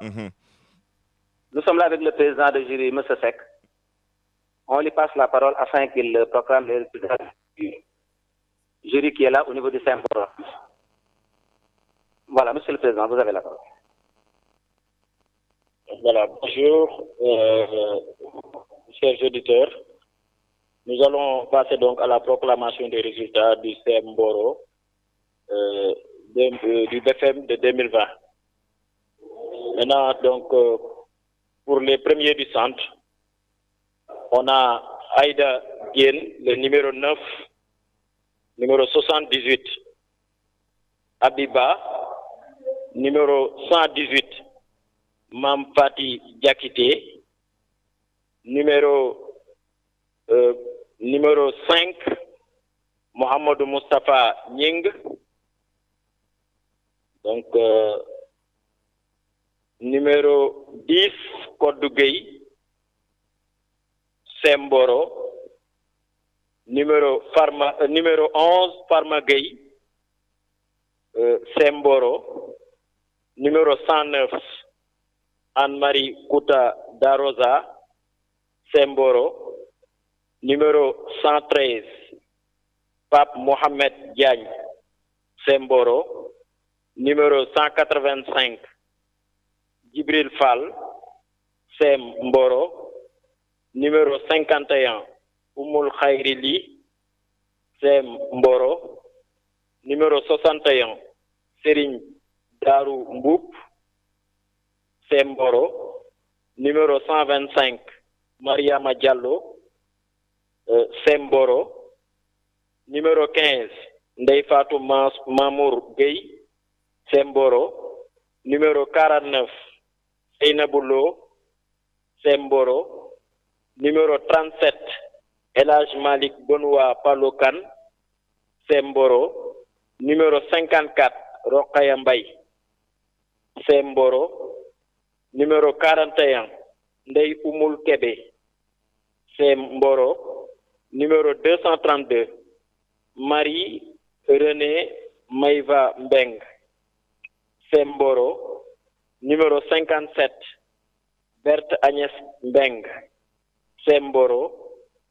Mm-hmm. Nous sommes là avec le président de jury, M. Sec. On lui passe la parole afin qu'il proclame les résultats du jury qui est là au niveau du saint Voilà, Monsieur le Président, vous avez la parole. Voilà, bonjour, euh, euh, chers auditeurs. Nous allons passer donc à la proclamation des résultats du CEM Boro euh, du BFM de 2020. Maintenant, donc, euh, pour les premiers du centre, on a Aïda Gien, le numéro 9, numéro 78. Abiba, numéro 118. Mampati Diakité, numéro, euh, numéro 5, Mohamed Mustafa Nying. Donc, euh, numéro 10 Koddu Gueye Semboro numéro Farma euh, numéro 11 Farma Gueye euh, Semboro numéro 109 Anne-Marie Kouta Darosa Semboro numéro 113 Pape Mohamed Diagne Semboro numéro 185 Gibril Fall Sem Mboro numéro 51 Oumoul Khayri Sem Mboro numéro 61 Serigne Darou Mboup Sem numéro 125 Maria Diallo euh, Semboro numéro 15 Ndeye Mamour Gueye Semboro numéro 49 Seynaboulo Semboro, numéro 37, Elage Malik Bonoua Palokan, Semboro, numéro 54, Mbaye... Semboro, numéro 41, Ndey Oumoul Kebe, Semboro, numéro 232, Marie René Maïva Mbeng, Semboro, numéro 57, Berthe Agnès Mbeng, Semboro,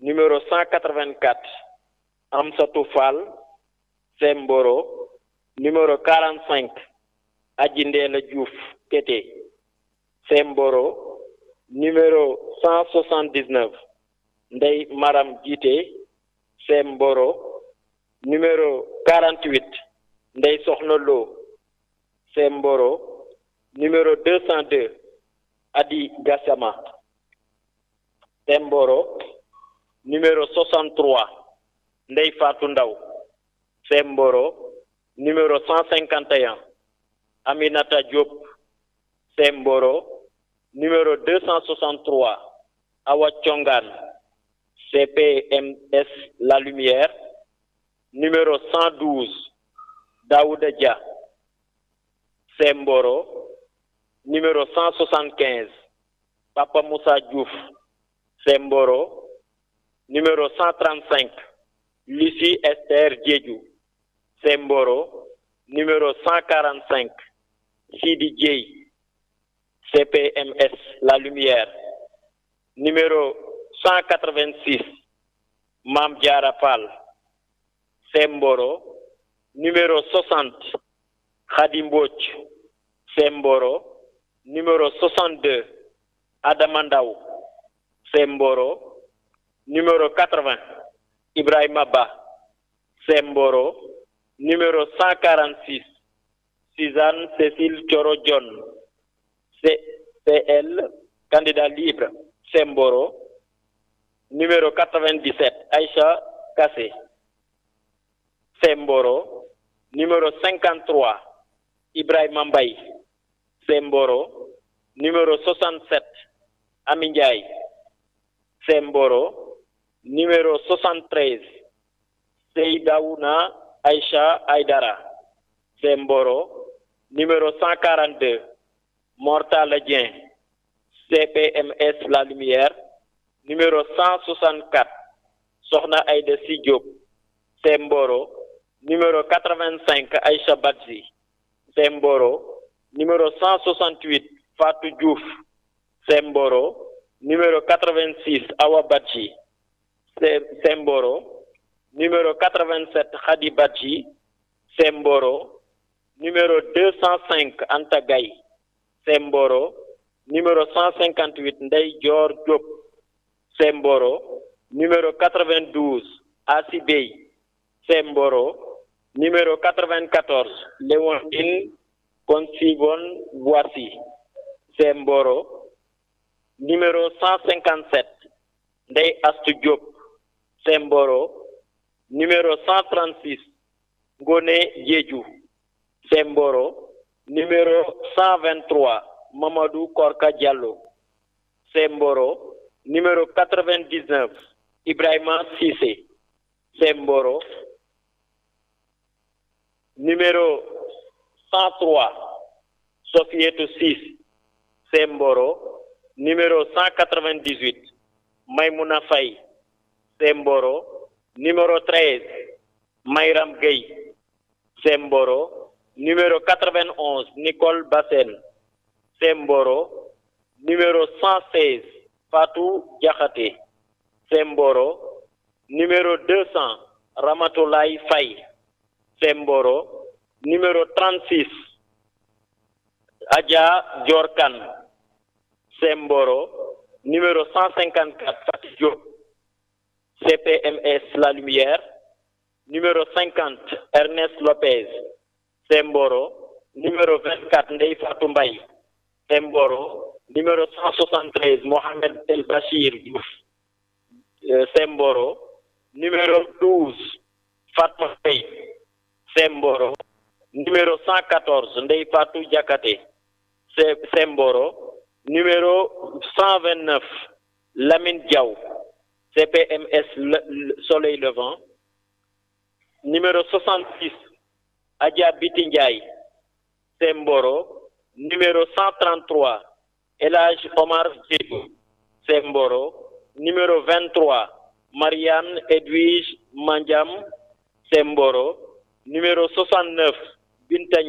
numéro 184, Amsatou Fall, Semboro, numéro 45, Le Djouf Kété, Semboro, numéro 179, Ndei Maram Gité, Semboro, numéro 48, Ndei Sohnolo, Semboro, numéro 202, Adi Gassama, Semboro... numéro 63, Ndei Semboro, numéro 151, Aminata Diop, Semboro, numéro 263, Awa Chongan, CPMS La Lumière, numéro 112, Daouda Semboro, numéro 175, Papa Moussa Diouf, Semboro, numéro 135, Lucie Esther Djedjou, Semboro, numéro 145, Sidi CPMS La Lumière, numéro 186, Mam Diarapal, Semboro, numéro 60, Khadim Semboro, numéro 62, Adamandaou Semboro, numéro 80, Ibrahim Abba Semboro, numéro 146, Suzanne Cécile Choro John, CL, candidat libre, Semboro, numéro 97, Aïcha Kassé, Semboro, numéro 53, Ibrahim Mbaye. Semboro numéro 67 Amingai Semboro numéro 73 Seidaouna Aïcha Aïdara Semboro numéro 142 Mortala CPMS La Lumière numéro 164 Sorna Aïda Semboro numéro 85 Aïcha Badji Semboro numéro 168 Fatou Diouf Semboro, numéro 86 Awa Badji Semboro, numéro 87 Khadi Badji Semboro, numéro 205 Antagai, Semboro, numéro 158 Ndeye Dior Diop Semboro, numéro 92 Asibey Semboro, numéro 94 Léon bon voici, Semboro, numéro 157, Ndey Astou Semboro, numéro 136, GONE Diédjou, Semboro, numéro 123, Mamadou Korka Diallo, Semboro, numéro 99, Ibrahima Sissé, Semboro, numéro 103, Sophie 6, Semboro, numéro 198, Maïmouna Faye, Semboro, numéro 13, Mayram Gay Semboro, numéro 91, Nicole Bassel... Semboro, numéro 116, Fatou Diakhaté, Semboro, numéro 200, Ramatoulaye Faye, Semboro, numéro 36 Aja Diorkan Semboro numéro 154 fatio CPMS La Lumière numéro 50 Ernest Lopez Semboro numéro 24 Ndey Semboro numéro 173 Mohamed El bashir euh, Semboro numéro 12 Fatma Semboro numéro 114 Ndey Fatou Diakate Semboro numéro 129 Lamine Diaw CPMS Soleil Levant numéro 66 Adia c'est Semboro numéro 133 Elage Omar Djibou Semboro numéro 23 Marianne Edwige Mandiam Semboro numéro 69 Binta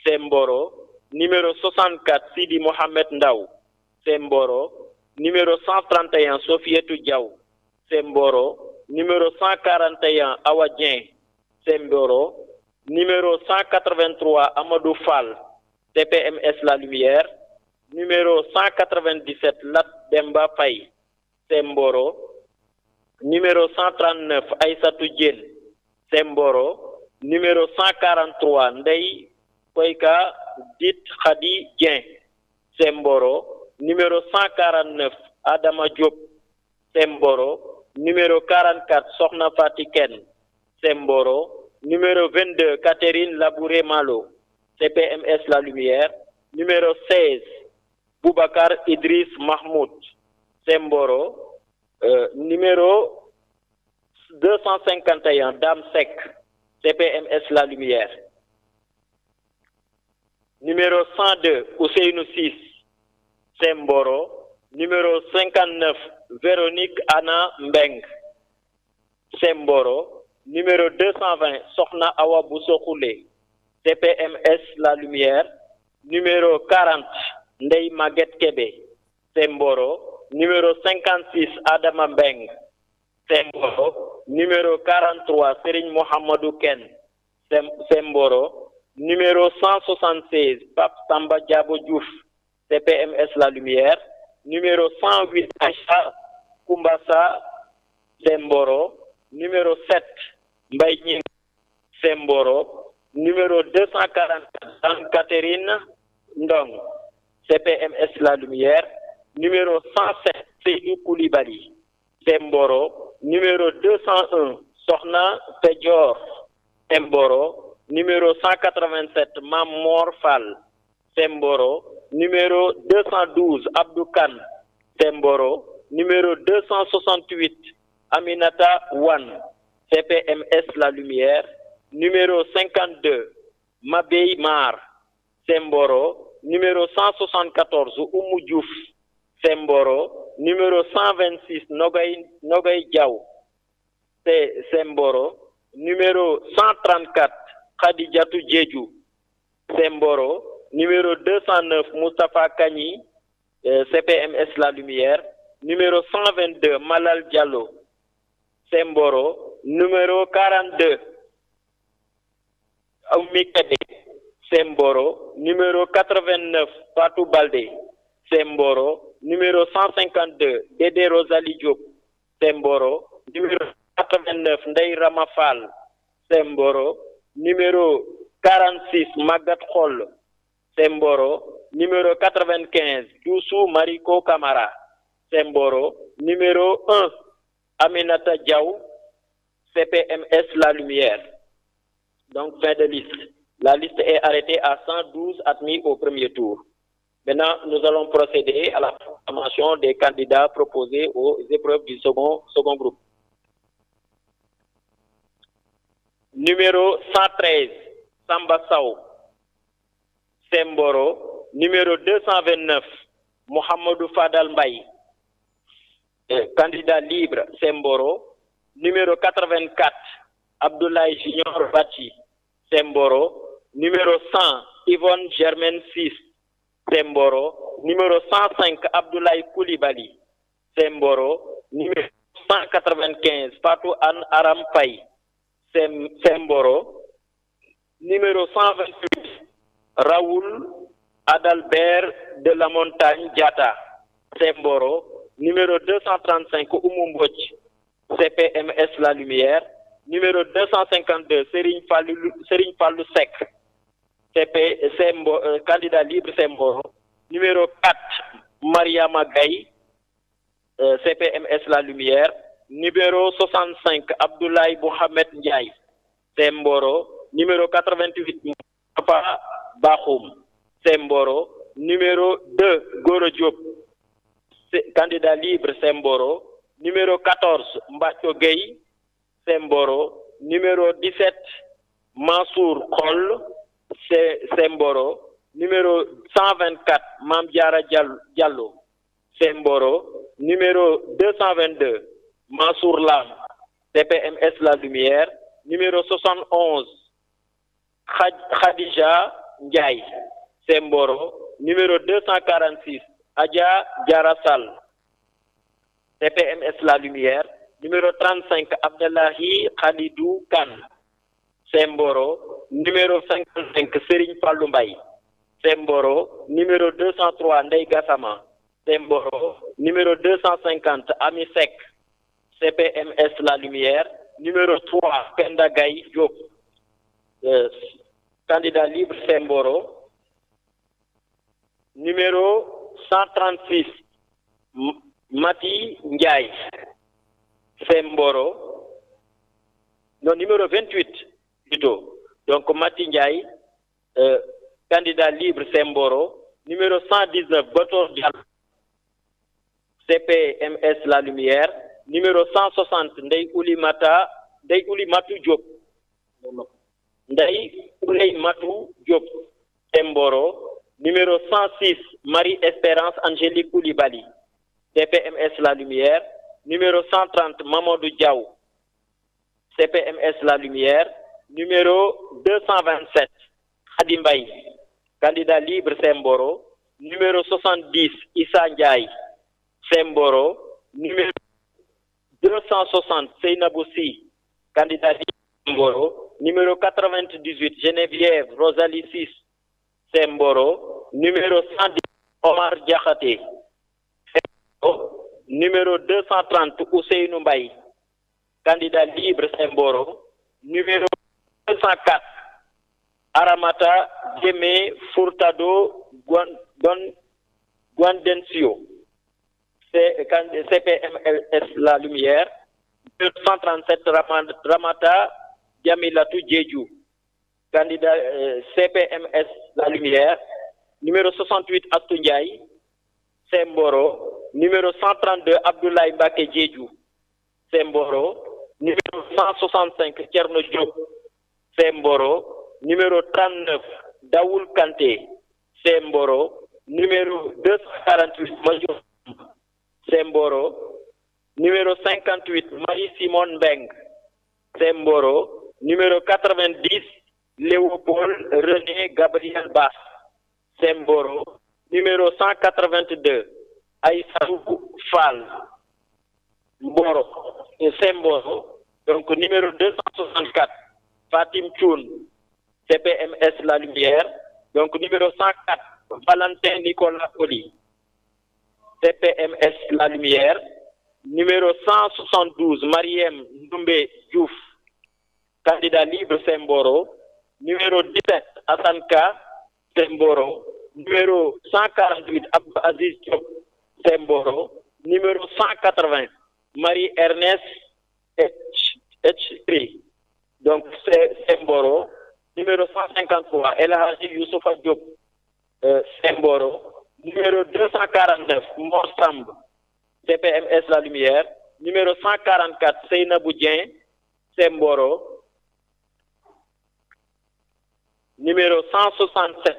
Semboro numéro 64 Sidi Mohamed Ndaw Semboro numéro 131 Sophie Diaw Semboro numéro 141 Awadien... Semboro numéro 183 Amadou Fall TPMS La Lumière numéro 197 Lat Demba Faye Semboro numéro 139 Aïssa Diène Semboro numéro 143 Ndei Poika Dit Khadi Dien Semboro, numéro 149 Adama Diop Semboro, numéro 44 Sorna Fatiken Semboro, numéro 22 Catherine Labouré Malo CPMS La Lumière, numéro 16 Boubacar Idriss Mahmoud Semboro, euh, numéro 251 Dame Sec CPMS La Lumière. Numéro 102, Ousseinou 6, Semboro. Numéro 59, Véronique Anna Mbeng, Semboro. Numéro 220, Sokna Awa Boussoukoulé. CPMS La Lumière. Numéro 40, Ndei Maguette Kebe, Semboro. Numéro 56, Adama Mbeng, Semboro numéro 43 Serigne Mohamedou Ken Semboro, numéro 176 Pape Samba Diabo Diouf, CPMS La Lumière, numéro 108 Acha Kumbasa Semboro, numéro 7 Mbaye Semboro, numéro 245, Anne-Catherine Ndong, CPMS La Lumière, numéro 107 Seyou Koulibaly Semboro, numéro 201 Sorna Pedior Temboro numéro 187 Mamor Fall Semboro, numéro 212 Abdoukan Temboro numéro 268 Aminata Wan CPMS La Lumière, numéro 52 Mabey Mar Semboro, numéro 174 Oumoudiouf Semboro, numéro 126 Nogay, Nogay Diaw, c'est Semboro. Numéro 134 Khadijatou Djedjou, Semboro. Numéro 209 Mustafa Kani, CPMS La Lumière. Numéro 122 Malal Diallo, Semboro. Numéro 42 Aoumikade Semboro. Numéro 89 Fatou Balde, Semboro numéro 152 Dédé Rosalie Diop Semboro, numéro 89 Ndey Ramafal Semboro, numéro 46 Magat Khol Semboro, numéro 95 Youssou Mariko Kamara Semboro, numéro 1 Aminata Diaw CPMS La Lumière. Donc fin de liste. La liste est arrêtée à 112 admis au premier tour. Maintenant, nous allons procéder à la formation des candidats proposés aux épreuves du second, groupe. Numéro 113, Samba Sao, Semboro. Numéro 229, Mohamedou Fadal Mbaye, euh, candidat libre, Semboro. Numéro 84, Abdoulaye Junior Bati, Semboro. Numéro 100, Yvonne Germaine 6, Semboro, numéro 105 Abdoulaye Koulibaly, Semboro, numéro 195 Fatou Anne Aram Semboro, numéro 128 Raoul Adalbert de la Montagne Diata, Semboro, numéro 235 Oumoumbouch, CPMS La Lumière, numéro 252 Serigne Fallou Sec, euh, candidat libre Semboro numéro 4 Mariama Gaye euh, CPMS La Lumière numéro 65 Abdoulaye Mohamed Ndiaye Semboro numéro 88 Papa Bakhoum Semboro numéro 2 Goro Diop candidat libre Semboro numéro 14 Mbacho Gueye Semboro numéro 17 Mansour Kol Semboro numéro 124 Mambiara Diallo Semboro numéro 222 Mansour Lam TPMS La Lumière numéro 71 Khadija Ndiaye Semboro numéro 246 Adja Djarasal, TPMS La Lumière numéro 35 Abdelahi Khalidou Khan Semboro numéro 55 Serigne Fallou Semboro numéro 203 Ndeye Gassama Semboro numéro 250 Amisek. CPMS La Lumière numéro 3 Penda Gaye Diop euh, candidat libre Semboro numéro 136 Mati Ndiaye Semboro numéro 28 plutôt. Donc, Matin Ndiaye, euh, candidat libre Semboro, numéro 119, Botor CPMS La Lumière, numéro 160, Ndei Oulimata, Ndei Oulimatou Diop. Ndei Matu Diop, Semboro, numéro 106, Marie-Espérance Angélique Koulibaly, CPMS La Lumière, numéro 130, Mamadou Diaw, CPMS La Lumière, numéro 227, Adimbaï, candidat libre Semboro, numéro 70, Issa Ndiaye, Semboro, numéro 260, Boussi, candidat libre Semboro, numéro 98, Geneviève Rosalie Semboro, numéro 110, Omar Semboro. numéro 230, Ousseinou Mbaye, candidat libre Semboro, numéro 204 Aramata, Djemé, Furtado, Guandensio. CPMLS La Lumière. 237 Ramata, Djamilatou Djeju, Candidat euh, CPMS La Lumière. Numéro 68 Atunjaï, Semboro. Numéro 132 Abdoulaye Baké Djedjou, Semboro. Numéro 165 Tcherno Semboro, numéro 39, Daoul Kanté, Semboro, numéro 248, Major Semboro, numéro 58, Marie-Simone Beng, Semboro, numéro 90, Léopold René Gabriel Bass, Semboro, numéro 182, Aïssaou Fall, Fahle. Semboro, donc numéro 264, Fatim Choun, CPMS La Lumière. Donc, numéro 104, Valentin Nicolas Oli, CPMS La Lumière. Numéro 172, Mariem Ndoumbe Diouf, candidat libre Semboro. Numéro 17, Asanka Semboro. Numéro 148, Abou Aziz Diop Semboro. Numéro 180, Marie-Ernest H. H donc c'est Semboro numéro 153 El Haji Youssoufa Diop euh, Semboro numéro 249 Mor CPMS La Lumière numéro 144 Seyna Boudien Semboro numéro 167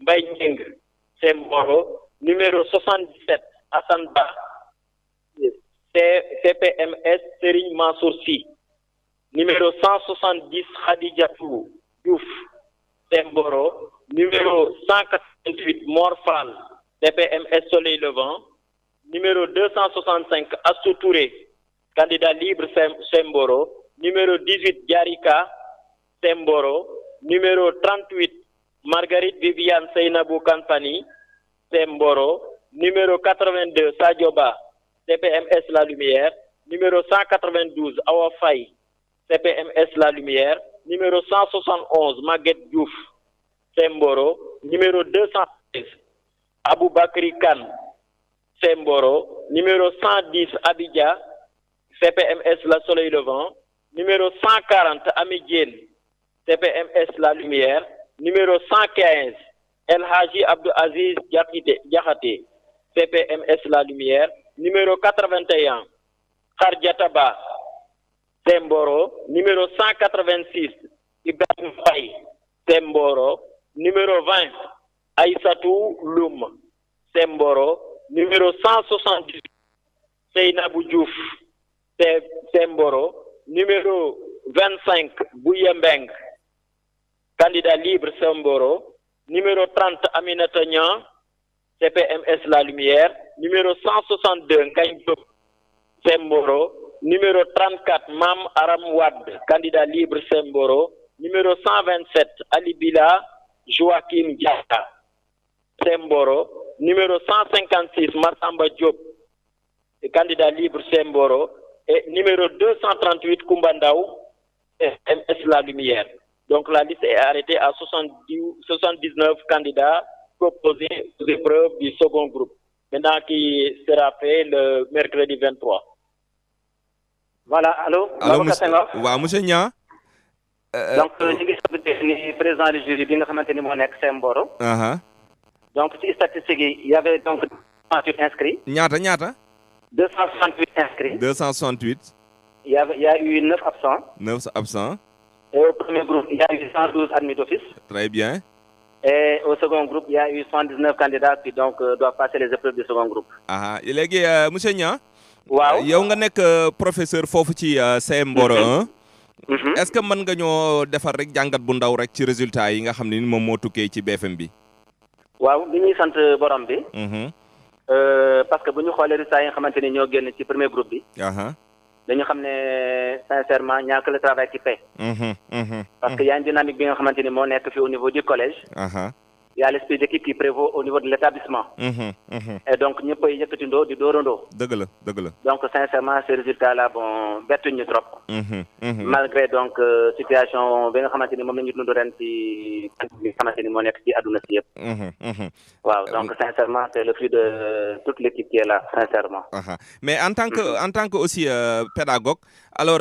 Mbaye Semboro numéro 77 Assane CPMS Serigne Mansour numéro 170 Khadija Diouf Temboro, numéro 188 Morphal T.P.M.S Soleil Levant, numéro 265 Assou candidat libre Semboro, numéro 18 Yarika Semboro, numéro 38 Marguerite Viviane Seynabou Kampani Semboro, numéro 82 Sadioba T.P.M.S La Lumière, numéro 192 Awafai. CPMS La Lumière, numéro 171 Maguette Diouf, Semboro, numéro 216 Abou Bakri Khan, Semboro, numéro 110 Abidja, CPMS La Soleil Levant, numéro 140 Amidjene, CPMS La Lumière, numéro 115 El Haji Abdou Aziz Diakhaté, CPMS La Lumière, numéro 81 Khardiataba... Semboro numéro 186, Ibrahim Semboro Temboro... numéro 20, Aïssatou Loum, Temboro... numéro 178, Seina Boudjouf... Temboro... numéro 25, Bouyembeng, candidat libre Semboro, numéro 30, Aminata CPMS La Lumière, numéro 162, Kandjoub, Semboro, numéro 34 Mam Aram Wad, candidat libre Semboro, numéro 127 Ali Bila Joachim Diata, Semboro, numéro 156 Martamba Diop, candidat libre Semboro, et numéro 238 Kumbandaou, MS La Lumière. Donc la liste est arrêtée à 79 candidats proposés aux épreuves du second groupe, maintenant qui sera fait le mercredi 23 voilà allô, Allô, monsieur waaw monsieur euh, donc je suis présent président du jury je vais maintenant mon moo nekk seen donc si statistiques il y avait donc 268 inscrits. 268 268 inscrits. 268. Il y a y a eu 9 absents. 9 absents. et au premier groupe il y a eu 112 admis d'office. très bien. Et au second groupe, il y a eu 119 candidats qui donc euh, doivent passer les épreuves du second groupe. Ah, il est, euh, monsieur Nia waaw yow nga nekk euh, professeur foofu ci CM euh, Mboro 1. Mhm. Mhm. est-ce que mën nga ñoo defar rek jàngat bu ndaw rek ci résultat yi nga xam ne ni moom moo tukkee ci BFM bi. waaw li ñuy sant euh, borom bi. Mhm. parce que bu ñu xoolee résultats yi nga xamante ni ñoo génn ci premier groupe bi. Uh-huh. dañu xam ne sincèrement ñàkk le travail qui paie. parce que yaa ngi dynamique bi nga xamante ni moo nekk fi au niveau du collège. Uh-huh. il y a l'esprit d'équipe qui prévaut au niveau de l'établissement. Mhm, mhm. Et donc, nous pouvons y aller du Dorondo. Donc, sincèrement, ces résultats-là, bon, bête une trop. Mhm, Malgré donc, euh, situation, situation, ben, xamanteni mom lañu nous nous ci xamanteni mo nek ci aduna ci yépp. Waaw, donc euh, sincèrement, c'est le fruit de euh, toute l'équipe qui est là, sincèrement. Mais en tant que en tant que aussi pédagogue, alors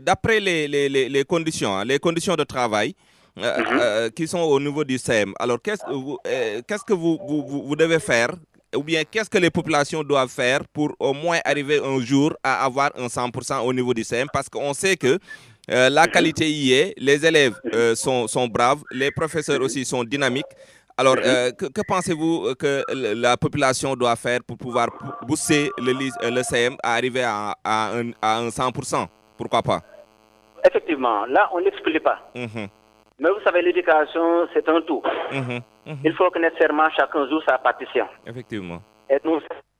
d'après les les les conditions, hein, les conditions de travail, euh, mhm. euh, euh, qui sont au niveau du CM. E Alors, qu'est-ce que vous, vous, vous devez faire ou bien qu'est-ce que les populations doivent faire pour au moins arriver un jour à avoir un 100% au niveau du CM e Parce qu'on sait que la mhm. qualité y est, les élèves mhm. sont, sont, braves, les professeurs aussi sont dynamiques. Alors, que, pensez-vous que la population doit faire pour pouvoir booster le, le CM e à arriver à, un, 100% Pourquoi pas Effectivement, là, on n'explique pas. Mais vous savez, l'éducation, c'est un tout. Mhm, mhm. Il faut que nécessairement chacun joue sa partition. Effectivement. Et nous,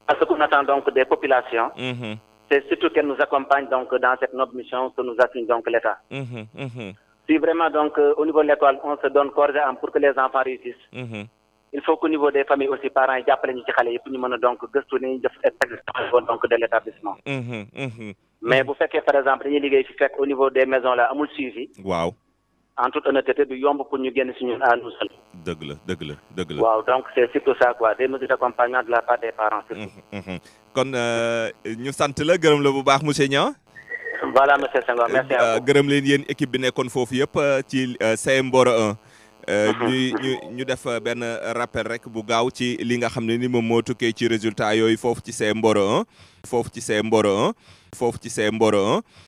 à ce qu'on attend donc des populations, mhm. c'est surtout qu'elles nous accompagnent donc dans cette noble mission que nous assigne donc l'État. Si vraiment donc euh, au niveau de l'école, on se donne corps et âme pour que les enfants réussissent, il faut qu'au niveau des familles aussi, parents, ils appellent les nous donc gestionner donc de l'établissement. Mais vous faites que par exemple, il y a au niveau des maisons là, amul suivi. Wow. en toute honnêteté du yomb pour ñu génn si ñun à nous seuls. dëgg la dëgg la dëgg waaw donc c' est surtout ça quoi des mesures d' accompagnement la part kon euh, ñu sant la gërëm la bu baax monsieur Niang. voilà monsieur Senghor merci euh, gërëm leen yéen équipe bi nekkoon foofu yëpp euh, ci CM Mboro 1. ñu def benn rappel rek bu gaaw ci li nga xam ne ni moom moo tukkee ci résultat yooyu foofu ci CM Mboro 1. foofu ci CM Mboro 1. foofu ci CM Mboro 1.